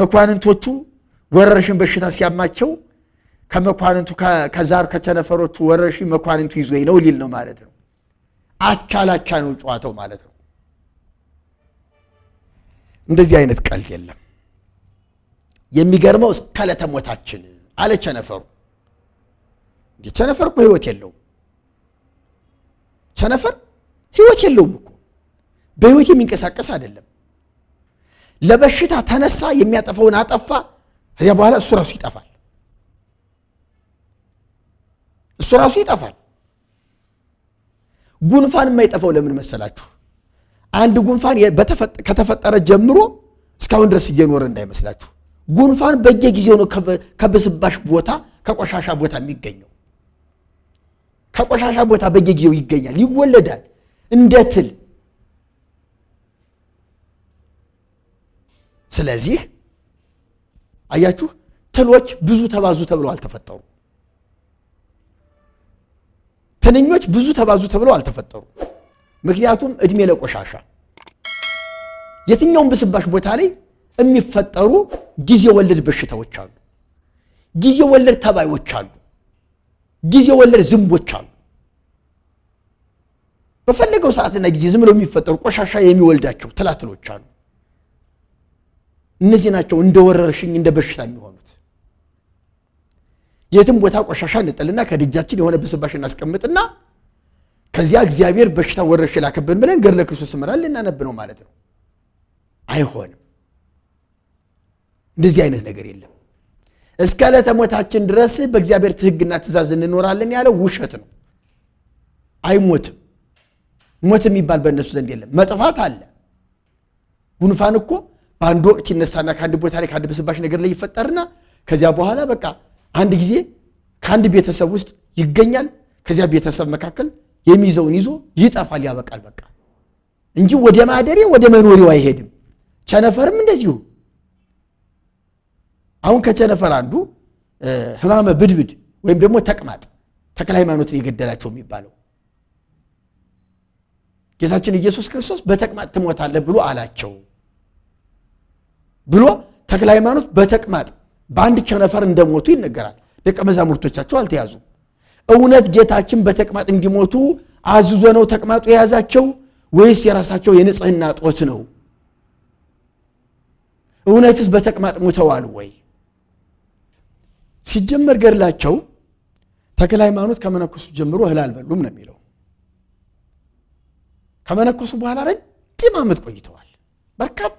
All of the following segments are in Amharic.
መኳንንቶቹ ወረርሽን በሽታ ሲያማቸው ከመኳንንቱ ከዛር ከቸነፈሮቹ ወረርሽኝ መኳንንቱ ይዞ ነው ሊል ነው ማለት ነው። አቻ ላቻ ነው ጨዋታው ማለት ነው። እንደዚህ አይነት ቀልድ የለም። የሚገርመው እስከ ለተሞታችን አለ ቸነፈሩ። ቸነፈር እኮ ህይወት የለውም። ቸነፈር ህይወት የለውም እኮ በህይወት የሚንቀሳቀስ አይደለም። ለበሽታ ተነሳ፣ የሚያጠፋውን አጠፋ። ከዚያ በኋላ እሱ ራሱ ይጠፋል፣ እሱ ራሱ ይጠፋል። ጉንፋን የማይጠፋው ለምን መሰላችሁ? አንድ ጉንፋን ከተፈጠረ ጀምሮ እስካሁን ድረስ እየኖረ እንዳይመስላችሁ። ጉንፋን በየጊዜው ነው ከብስባሽ ቦታ ከቆሻሻ ቦታ የሚገኘው። ከቆሻሻ ቦታ በየጊዜው ይገኛል፣ ይወለዳል እንደ ትል ስለዚህ አያችሁ ትሎች ብዙ ተባዙ ተብለው አልተፈጠሩ። ትንኞች ብዙ ተባዙ ተብለው አልተፈጠሩ። ምክንያቱም እድሜ ለቆሻሻ የትኛውም ብስባሽ ቦታ ላይ የሚፈጠሩ ጊዜ ወለድ በሽታዎች አሉ። ጊዜ ወለድ ተባዮች አሉ። ጊዜ ወለድ ዝንቦች አሉ። በፈለገው ሰዓትና ጊዜ ዝም ብለው የሚፈጠሩ ቆሻሻ የሚወልዳቸው ትላትሎች አሉ። እነዚህ ናቸው እንደ ወረርሽኝ እንደ በሽታ የሚሆኑት። የትም ቦታ ቆሻሻ እንጥልና ከደጃችን የሆነ ብስባሽ እናስቀምጥና ከዚያ እግዚአብሔር በሽታ ወረርሽኝ ላከብን ብለን ገድለ ክርስቶስ ሠምራ ልናነብ ነው ማለት ነው። አይሆንም። እንደዚህ አይነት ነገር የለም። እስከ ዕለተ ሞታችን ድረስ በእግዚአብሔር ትሕግና ትእዛዝ እንኖራለን ያለው ውሸት ነው። አይሞትም። ሞት የሚባል በእነሱ ዘንድ የለም። መጥፋት አለ። ጉንፋን እኮ በአንድ ወቅት ይነሳና ከአንድ ቦታ ላይ ከአንድ ብስባሽ ነገር ላይ ይፈጠርና ከዚያ በኋላ በቃ አንድ ጊዜ ከአንድ ቤተሰብ ውስጥ ይገኛል። ከዚያ ቤተሰብ መካከል የሚይዘውን ይዞ ይጠፋል፣ ያበቃል በቃ እንጂ ወደ ማደሬ ወደ መኖሪው አይሄድም። ቸነፈርም እንደዚሁ አሁን ከቸነፈር አንዱ ህማመ ብድብድ ወይም ደግሞ ተቅማጥ ተክለ ሃይማኖትን የገደላቸው የሚባለው ጌታችን ኢየሱስ ክርስቶስ በተቅማጥ ትሞታለህ ብሎ አላቸው። ብሎ ተክለ ሃይማኖት በተቅማጥ በአንድ ቸነፈር እንደሞቱ ይነገራል። ደቀ መዛሙርቶቻቸው አልተያዙ። እውነት ጌታችን በተቅማጥ እንዲሞቱ አዝዞ ነው ተቅማጡ የያዛቸው ወይስ የራሳቸው የንጽህና ጦት ነው? እውነትስ በተቅማጥ ሙተዋል ወይ? ሲጀመር ገድላቸው ተክለ ሃይማኖት ከመነኮሱ ጀምሮ እህል አልበሉም ነው የሚለው። ከመነኮሱ በኋላ ረጅም ዓመት ቆይተዋል በርካታ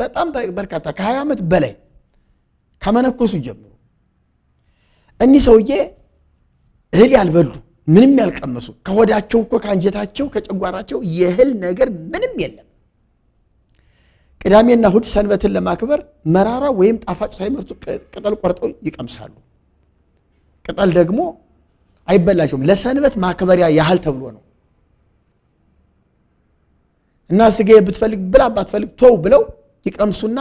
በጣም በርካታ ከሀያ ዓመት በላይ ከመነኮሱ ጀምሮ እኒህ ሰውዬ እህል ያልበሉ ምንም ያልቀመሱ ከሆዳቸው እኮ ከአንጀታቸው ከጨጓራቸው የእህል ነገር ምንም የለም። ቅዳሜና እሁድ ሰንበትን ለማክበር መራራ ወይም ጣፋጭ ሳይመርጡ ቅጠል ቆርጠው ይቀምሳሉ። ቅጠል ደግሞ አይበላቸውም። ለሰንበት ማክበሪያ ያህል ተብሎ ነው እና ስጋ ብትፈልግ ብላ ባትፈልግ ተው ብለው ይቀምሱና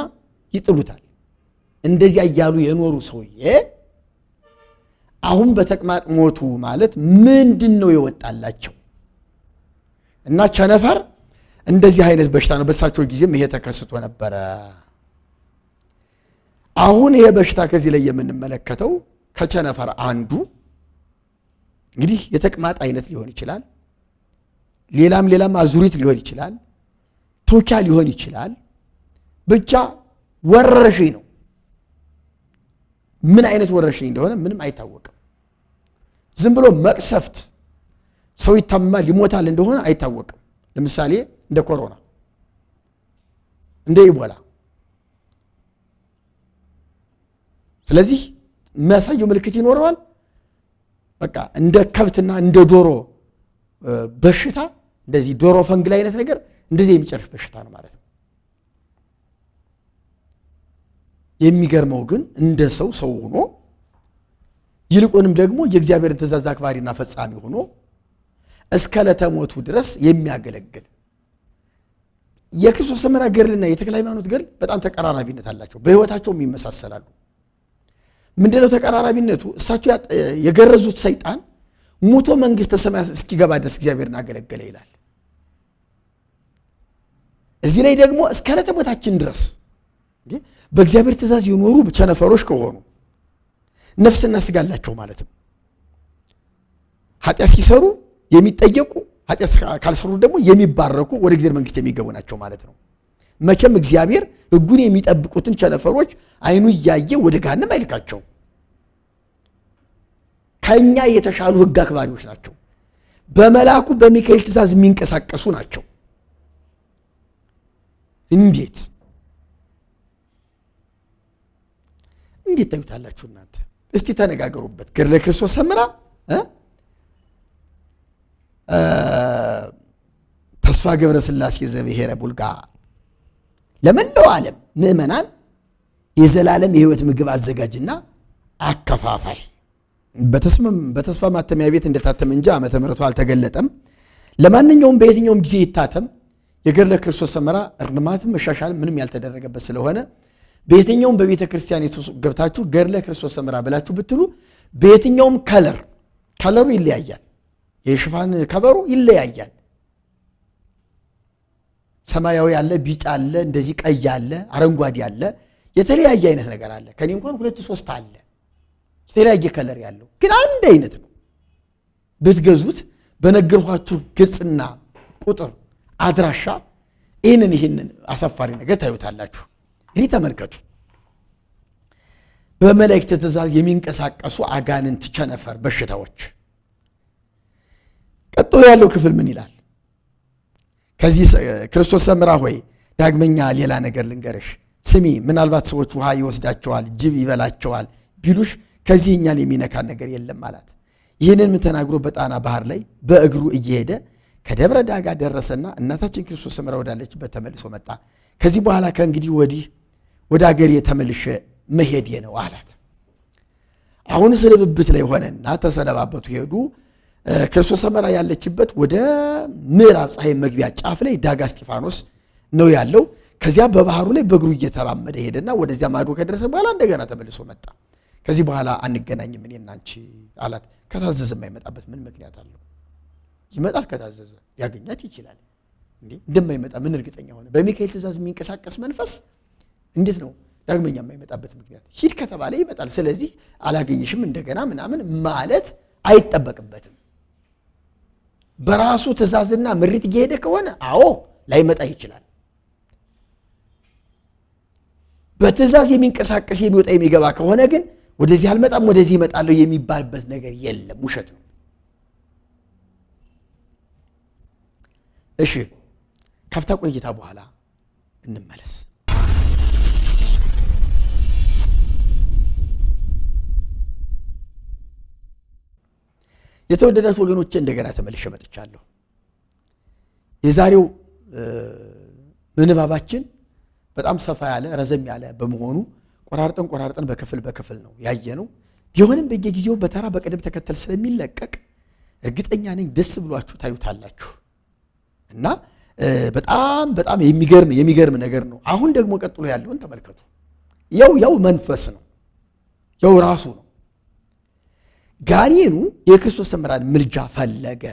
ይጥሉታል። እንደዚያ እያሉ የኖሩ ሰውዬ አሁን በተቅማጥ ሞቱ ማለት ምንድን ነው የወጣላቸው? እና ቸነፈር እንደዚህ አይነት በሽታ ነው። በእሳቸው ጊዜም ይሄ ተከስቶ ነበረ። አሁን ይሄ በሽታ ከዚህ ላይ የምንመለከተው ከቸነፈር አንዱ እንግዲህ የተቅማጥ አይነት ሊሆን ይችላል። ሌላም ሌላም አዙሪት ሊሆን ይችላል። ቶኪያ ሊሆን ይችላል። ብቻ ወረርሽኝ ነው። ምን አይነት ወረርሽኝ እንደሆነ ምንም አይታወቅም። ዝም ብሎ መቅሰፍት ሰው ይታመማል ይሞታል እንደሆነ አይታወቅም። ለምሳሌ እንደ ኮሮና፣ እንደ ኢቦላ። ስለዚህ የሚያሳየው ምልክት ይኖረዋል። በቃ እንደ ከብትና እንደ ዶሮ በሽታ እንደዚህ ዶሮ ፈንግል አይነት ነገር እንደዚህ የሚጨርስ በሽታ ነው ማለት ነው። የሚገርመው ግን እንደ ሰው ሰው ሆኖ ይልቁንም ደግሞ የእግዚአብሔርን ትእዛዝ አክባሪና ፈጻሚ ሆኖ እስከ ለተሞቱ ድረስ የሚያገለግል የክርስቶስ ሰምራ ገድልና የተክለ ሃይማኖት ገድል በጣም ተቀራራቢነት አላቸው። በህይወታቸውም ይመሳሰላሉ። ምንድነው ተቀራራቢነቱ? እሳቸው የገረዙት ሰይጣን ሙቶ መንግሥተ ሰማያት እስኪገባ ድረስ እግዚአብሔርን አገለገለ ይላል። እዚህ ላይ ደግሞ እስከ ዕለተ ሞታችን ድረስ በእግዚአብሔር ትእዛዝ የኖሩ ቸነፈሮች ከሆኑ ነፍስና ስጋ አላቸው ነው። ኃጢአት ሲሰሩ የሚጠየቁ ኃጢአት ካልሰሩ ደግሞ የሚባረኩ ወደ እግዚአብሔር መንግስት የሚገቡ ናቸው ማለት ነው። መቼም እግዚአብሔር ሕጉን የሚጠብቁትን ቸነፈሮች አይኑ እያየ ወደ ገሃነም አይልካቸው። ከእኛ የተሻሉ ሕግ አክባሪዎች ናቸው። በመልአኩ በሚካኤል ትእዛዝ የሚንቀሳቀሱ ናቸው። እንዴት እንዴት ታዩታላችሁ እናንተ? እስቲ ተነጋገሩበት። ገድለ ክርስቶስ ሰምራ ተስፋ ገብረ ስላሴ ዘብሔረ ቡልጋ ለመላው ዓለም ምእመናን የዘላለም የህይወት ምግብ አዘጋጅና አከፋፋይ በተስፋ ማተሚያ ቤት እንደታተመ እንጂ ዓመተ ምሕረቱ አልተገለጠም። ለማንኛውም በየትኛውም ጊዜ ይታተም የገድለ ክርስቶስ ሰምራ እርማትም መሻሻል ምንም ያልተደረገበት ስለሆነ በየትኛውም በቤተ ክርስቲያን ገብታችሁ ገድለ ክርስቶስ ሰምራ ብላችሁ ብትሉ በየትኛውም ከለር ከለሩ ይለያያል። የሽፋን ከበሩ ይለያያል። ሰማያዊ አለ፣ ቢጫ አለ፣ እንደዚህ ቀይ አለ፣ አረንጓዴ አለ፣ የተለያየ አይነት ነገር አለ። ከኔ እንኳን ሁለት ሶስት አለ የተለያየ ከለር ያለው ግን አንድ አይነት ነው። ብትገዙት በነገርኳችሁ ገጽና ቁጥር አድራሻ ይህንን ይህንን አሳፋሪ ነገር ታዩታላችሁ። ይህ ተመልከቱ። በመላእክት ትእዛዝ የሚንቀሳቀሱ አጋንንት፣ ቸነፈር፣ በሽታዎች። ቀጥሎ ያለው ክፍል ምን ይላል? ከዚህ ክርስቶስ ሰምራ ሆይ ዳግመኛ ሌላ ነገር ልንገርሽ፣ ስሚ። ምናልባት ሰዎች ውሃ ይወስዳቸዋል፣ ጅብ ይበላቸዋል ቢሉሽ ከዚህ እኛን የሚነካን ነገር የለም አላት። ይህንን ተናግሮ በጣና ባህር ላይ በእግሩ እየሄደ ከደብረ ዳጋ ደረሰና እናታችን ክርስቶስ ሰምራ ወዳለችበት ተመልሶ መጣ። ከዚህ በኋላ ከእንግዲህ ወዲህ ወደ አገሬ ተመልሼ መሄዴ ነው አላት። አሁን ስልብብት ላይ ሆነና ተሰነባበቱ ሄዱ። ክርስቶስ ሰመራ ያለችበት ወደ ምዕራብ ፀሐይ መግቢያ ጫፍ ላይ ዳጋ እስጢፋኖስ ነው ያለው። ከዚያ በባህሩ ላይ በእግሩ እየተራመደ ሄደና ወደዚያ ማዶ ከደረሰ በኋላ እንደገና ተመልሶ መጣ። ከዚህ በኋላ አንገናኝም እኔ እና አንቺ አላት። ከታዘዘ የማይመጣበት ምን ምክንያት አለው? ይመጣል። ከታዘዘ ሊያገኛት ይችላል። እንደማይመጣ ምን እርግጠኛ ሆነ? በሚካኤል ትእዛዝ የሚንቀሳቀስ መንፈስ እንዴት ነው ዳግመኛ የማይመጣበት ምክንያት? ሂድ ከተባለ ይመጣል። ስለዚህ አላገኝሽም እንደገና ምናምን ማለት አይጠበቅበትም። በራሱ ትእዛዝና ምሪት እየሄደ ከሆነ አዎ ላይመጣ ይችላል። በትእዛዝ የሚንቀሳቀስ የሚወጣ የሚገባ ከሆነ ግን ወደዚህ አልመጣም ወደዚህ እመጣለሁ የሚባልበት ነገር የለም፣ ውሸት ነው። እሺ ከፍታ ቆይታ በኋላ እንመለስ። የተወደዳት ወገኖቼ እንደገና ተመልሼ መጥቻለሁ። የዛሬው ምንባባችን በጣም ሰፋ ያለ ረዘም ያለ በመሆኑ ቆራርጠን ቆራርጠን በክፍል በክፍል ነው ያየነው። ቢሆንም በየጊዜው በተራ በቅደም ተከተል ስለሚለቀቅ እርግጠኛ ነኝ ደስ ብሏችሁ ታዩታላችሁ እና በጣም በጣም የሚገርም የሚገርም ነገር ነው። አሁን ደግሞ ቀጥሎ ያለውን ተመልከቱ። ያው ያው መንፈስ ነው ያው ራሱ ነው ጋኔኑ የክርስቶስ ተመራን ምልጃ ፈለገ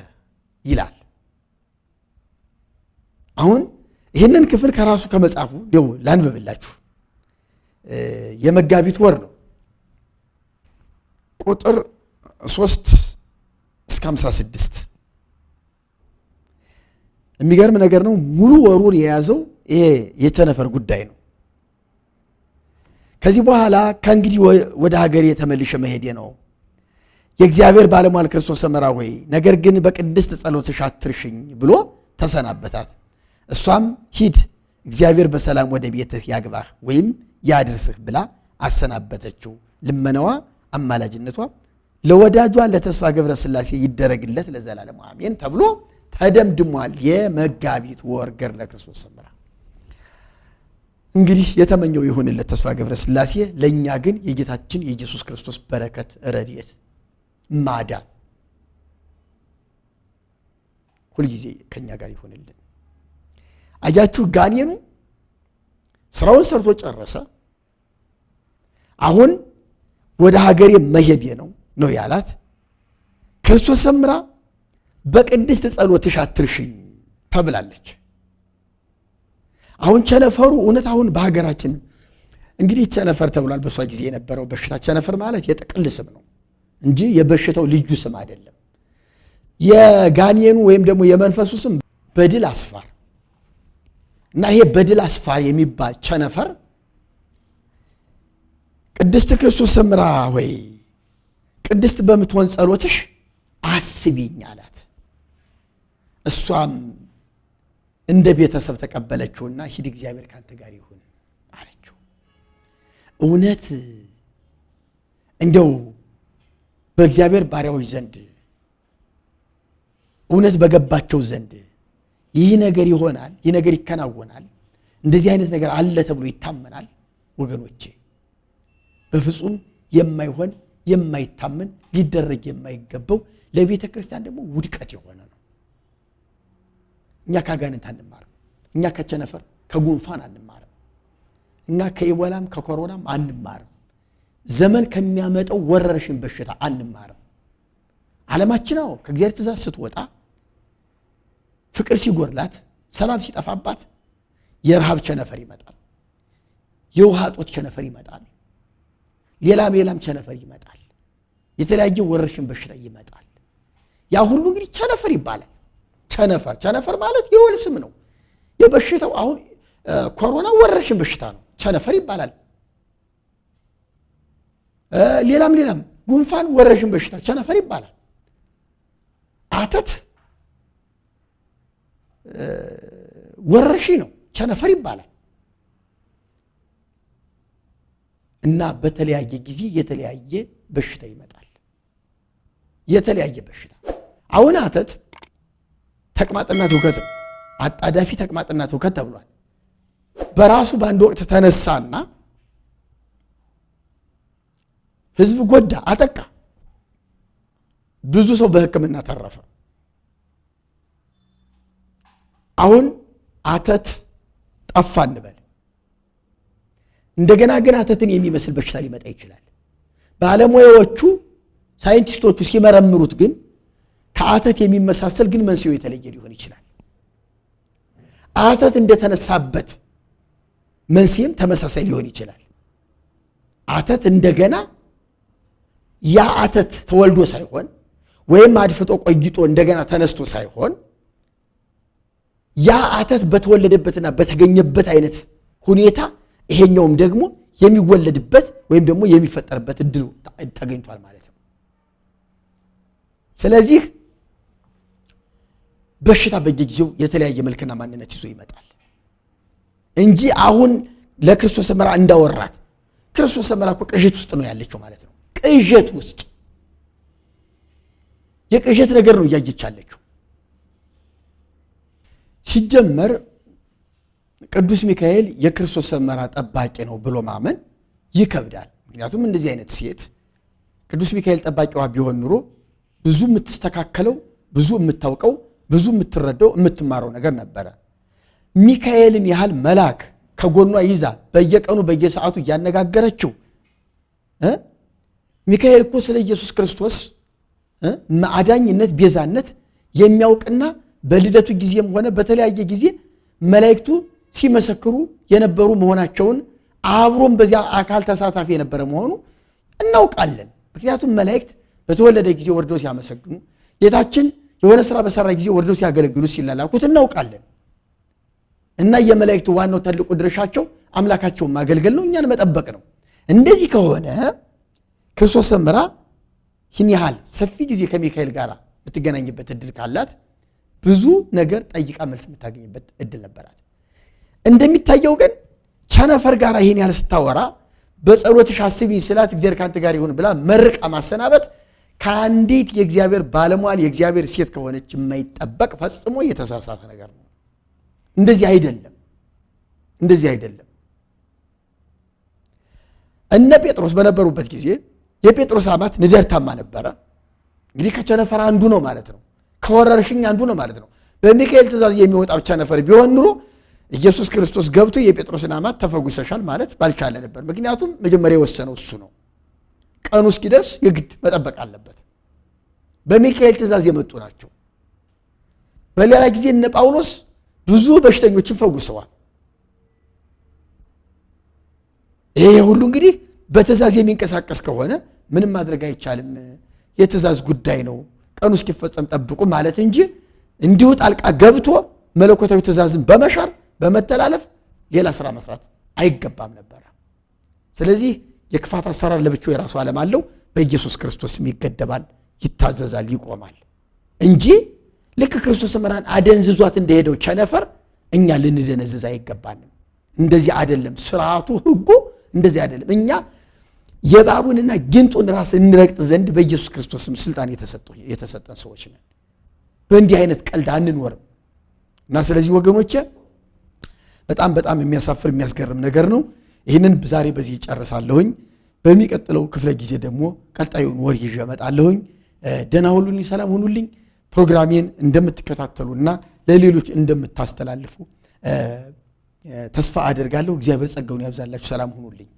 ይላል። አሁን ይህንን ክፍል ከራሱ ከመጽሐፉ እንደው ላንብብላችሁ። የመጋቢት ወር ነው። ቁጥር ሶስት እስከ 56 ስድስት የሚገርም ነገር ነው። ሙሉ ወሩን የያዘው ይሄ የቸነፈር ጉዳይ ነው። ከዚህ በኋላ ከእንግዲህ ወደ ሀገሬ ተመልሼ መሄዴ ነው የእግዚአብሔር ባለሟል ክርስቶስ ሰምራ ሆይ ነገር ግን በቅድስት ጸሎትሽ አትርሽኝ ብሎ ተሰናበታት። እሷም ሂድ እግዚአብሔር በሰላም ወደ ቤትህ ያግባህ ወይም ያድርስህ ብላ አሰናበተችው። ልመናዋ አማላጅነቷ ለወዳጇ ለተስፋ ገብረ ሥላሴ ይደረግለት ለዘላለም አሜን ተብሎ ተደምድሟል። የመጋቢት ወር ገድለ ክርስቶስ ሰምራ። እንግዲህ የተመኘው የሆንለት ተስፋ ገብረ ሥላሴ። ለእኛ ግን የጌታችን የኢየሱስ ክርስቶስ በረከት ረድኤት ማዳ ሁልጊዜ ከኛ ጋር ይሆንልን። አያችሁ፣ ጋኔኑ ስራውን ሰርቶ ጨረሰ። አሁን ወደ ሀገሬ መሄዴ ነው ነው ያላት። ክርስቶስ ሰምራ በቅድስት ጸሎትሽ አትርሽኝ ተብላለች። አሁን ቸነፈሩ እውነት አሁን በሀገራችን እንግዲህ ቸነፈር ተብሏል። በሷ ጊዜ የነበረው በሽታ ቸነፈር ማለት የጥቅል ስም ነው። እንጂ የበሽታው ልዩ ስም አይደለም። የጋኔኑ ወይም ደግሞ የመንፈሱ ስም በድል አስፋር እና ይሄ በድል አስፋር የሚባል ቸነፈር ቅድስት ክርስቶስ ሰምራ ሆይ ቅድስት በምትሆን ጸሎትሽ አስቢኝ አላት። እሷም እንደ ቤተሰብ ተቀበለችውና ሂድ እግዚአብሔር ካንተ ጋር ይሁን አለችው። እውነት እንደው በእግዚአብሔር ባሪያዎች ዘንድ እውነት በገባቸው ዘንድ ይህ ነገር ይሆናል፣ ይህ ነገር ይከናወናል፣ እንደዚህ አይነት ነገር አለ ተብሎ ይታመናል። ወገኖቼ በፍጹም የማይሆን የማይታመን ሊደረግ የማይገባው ለቤተ ክርስቲያን ደግሞ ውድቀት የሆነ ነው። እኛ ከአጋንንት አንማርም። እኛ ከቸነፈር ከጉንፋን አንማርም። እኛ ከኢቦላም ከኮሮናም አንማርም። ዘመን ከሚያመጠው ወረርሽኝ በሽታ አንማርም። ዓለማችን አዎ ከእግዚአብሔር ትእዛዝ ስትወጣ፣ ፍቅር ሲጎድላት፣ ሰላም ሲጠፋባት የረሃብ ቸነፈር ይመጣል። የውሃ እጦት ቸነፈር ይመጣል። ሌላም ሌላም ቸነፈር ይመጣል። የተለያየ ወረርሽን በሽታ ይመጣል። ያ ሁሉ እንግዲህ ቸነፈር ይባላል። ቸነፈር ቸነፈር ማለት የወል ስም ነው የበሽታው። አሁን ኮሮና ወረርሽን በሽታ ነው፣ ቸነፈር ይባላል። ሌላም ሌላም ጉንፋን ወረሽን በሽታ ቸነፈር ይባላል። አተት ወረሺ ነው፣ ቸነፈር ይባላል። እና በተለያየ ጊዜ የተለያየ በሽታ ይመጣል። የተለያየ በሽታ አሁን አተት ተቅማጥና ትውከት አጣዳፊ ተቅማጥና ትውከት ተብሏል። በራሱ በአንድ ወቅት ተነሳና ህዝብ ጎዳ፣ አጠቃ። ብዙ ሰው በህክምና ተረፈ። አሁን አተት ጠፋ እንበል። እንደገና ግን አተትን የሚመስል በሽታ ሊመጣ ይችላል። ባለሙያዎቹ ሳይንቲስቶቹ ሲመረምሩት ግን ከአተት የሚመሳሰል ግን መንስኤው የተለየ ሊሆን ይችላል። አተት እንደተነሳበት መንስኤም ተመሳሳይ ሊሆን ይችላል። አተት እንደገና ያ አተት ተወልዶ ሳይሆን ወይም አድፍጦ ቆይጦ እንደገና ተነስቶ ሳይሆን ያ አተት በተወለደበትና በተገኘበት አይነት ሁኔታ ይሄኛውም ደግሞ የሚወለድበት ወይም ደግሞ የሚፈጠርበት እድል ተገኝቷል ማለት ነው። ስለዚህ በሽታ በየጊዜው የተለያየ መልክና ማንነት ይዞ ይመጣል እንጂ አሁን ለክርስቶስ ሰምራ እንዳወራት ክርስቶስ ምራ እኮ ቅዥት ውስጥ ነው ያለችው ማለት ነው። ቅዠት ውስጥ የቅዠት ነገር ነው እያየቻለችው። ሲጀመር ቅዱስ ሚካኤል የክርስቶስ ሰመራ ጠባቂ ነው ብሎ ማመን ይከብዳል። ምክንያቱም እንደዚህ አይነት ሴት ቅዱስ ሚካኤል ጠባቂዋ ቢሆን ኑሮ ብዙ የምትስተካከለው፣ ብዙ የምታውቀው፣ ብዙ የምትረዳው፣ የምትማረው ነገር ነበረ። ሚካኤልን ያህል መልአክ ከጎኗ ይዛ በየቀኑ በየሰዓቱ እያነጋገረችው ሚካኤል እኮ ስለ ኢየሱስ ክርስቶስ አዳኝነት፣ ቤዛነት የሚያውቅና በልደቱ ጊዜም ሆነ በተለያየ ጊዜ መላእክቱ ሲመሰክሩ የነበሩ መሆናቸውን አብሮም በዚያ አካል ተሳታፊ የነበረ መሆኑ እናውቃለን። ምክንያቱም መላእክት በተወለደ ጊዜ ወርዶ ሲያመሰግኑ፣ ጌታችን የሆነ ስራ በሰራ ጊዜ ወርዶ ሲያገለግሉ ሲላላኩት እናውቃለን። እና የመላእክቱ ዋናው ትልቁ ድርሻቸው አምላካቸውን ማገልገል ነው፣ እኛን መጠበቅ ነው። እንደዚህ ከሆነ ክርስቶስ ሰምራ ይህን ያህል ሰፊ ጊዜ ከሚካኤል ጋር የምትገናኝበት እድል ካላት ብዙ ነገር ጠይቃ መልስ የምታገኝበት እድል ነበራት። እንደሚታየው ግን ቸነፈር ጋር ይህን ያህል ስታወራ በጸሎትሽ አስቢኝ ስላት እግዚአብሔር ከአንተ ጋር ይሁን ብላ መርቃ ማሰናበት ከአንዲት የእግዚአብሔር ባለሟል የእግዚአብሔር ሴት ከሆነች የማይጠበቅ ፈጽሞ የተሳሳተ ነገር ነው። እንደዚህ አይደለም፣ እንደዚህ አይደለም። እነ ጴጥሮስ በነበሩበት ጊዜ የጴጥሮስ አማት ንደርታማ ነበረ። እንግዲህ ከቸነፈር አንዱ ነው ማለት ነው። ከወረርሽኝ አንዱ ነው ማለት ነው። በሚካኤል ትእዛዝ የሚወጣው ቸነፈር ቢሆን ኑሮ ኢየሱስ ክርስቶስ ገብቶ የጴጥሮስን አማት ተፈጉሰሻል ማለት ባልቻለ ነበር። ምክንያቱም መጀመሪያ የወሰነው እሱ ነው። ቀኑ እስኪደርስ የግድ መጠበቅ አለበት። በሚካኤል ትእዛዝ የመጡ ናቸው። በሌላ ጊዜ እነ ጳውሎስ ብዙ በሽተኞችን ፈጉሰዋል። ይሄ ሁሉ እንግዲህ በትእዛዝ የሚንቀሳቀስ ከሆነ ምንም ማድረግ አይቻልም። የትእዛዝ ጉዳይ ነው፣ ቀኑ እስኪፈጸም ጠብቁ ማለት እንጂ እንዲሁ ጣልቃ ገብቶ መለኮታዊ ትእዛዝን በመሻር በመተላለፍ ሌላ ስራ መስራት አይገባም ነበረ። ስለዚህ የክፋት አሰራር ለብቻው የራሱ ዓለም አለው። በኢየሱስ ክርስቶስም ይገደባል፣ ይታዘዛል፣ ይቆማል እንጂ ልክ ክርስቶስ ምራን አደንዝዟት እንደሄደው ቸነፈር እኛ ልንደነዝዝ አይገባንም። እንደዚህ አይደለም ስርዓቱ፣ ህጉ እንደዚህ አይደለም እኛ የእባቡንና ጊንጡን ራስ እንረግጥ ዘንድ በኢየሱስ ክርስቶስም ስልጣን የተሰጠን ሰዎች ነን። በእንዲህ አይነት ቀልድ አንኖርም እና ስለዚህ ወገኖቼ በጣም በጣም የሚያሳፍር የሚያስገርም ነገር ነው። ይህንን ዛሬ በዚህ ይጨርሳለሁኝ። በሚቀጥለው ክፍለ ጊዜ ደግሞ ቀጣዩን ወር ይዤ እመጣለሁኝ። ደህና ሁሉልኝ፣ ሰላም ሁኑልኝ። ፕሮግራሜን እንደምትከታተሉና ለሌሎች እንደምታስተላልፉ ተስፋ አደርጋለሁ። እግዚአብሔር ጸጋውን ያብዛላችሁ። ሰላም ሁኑልኝ።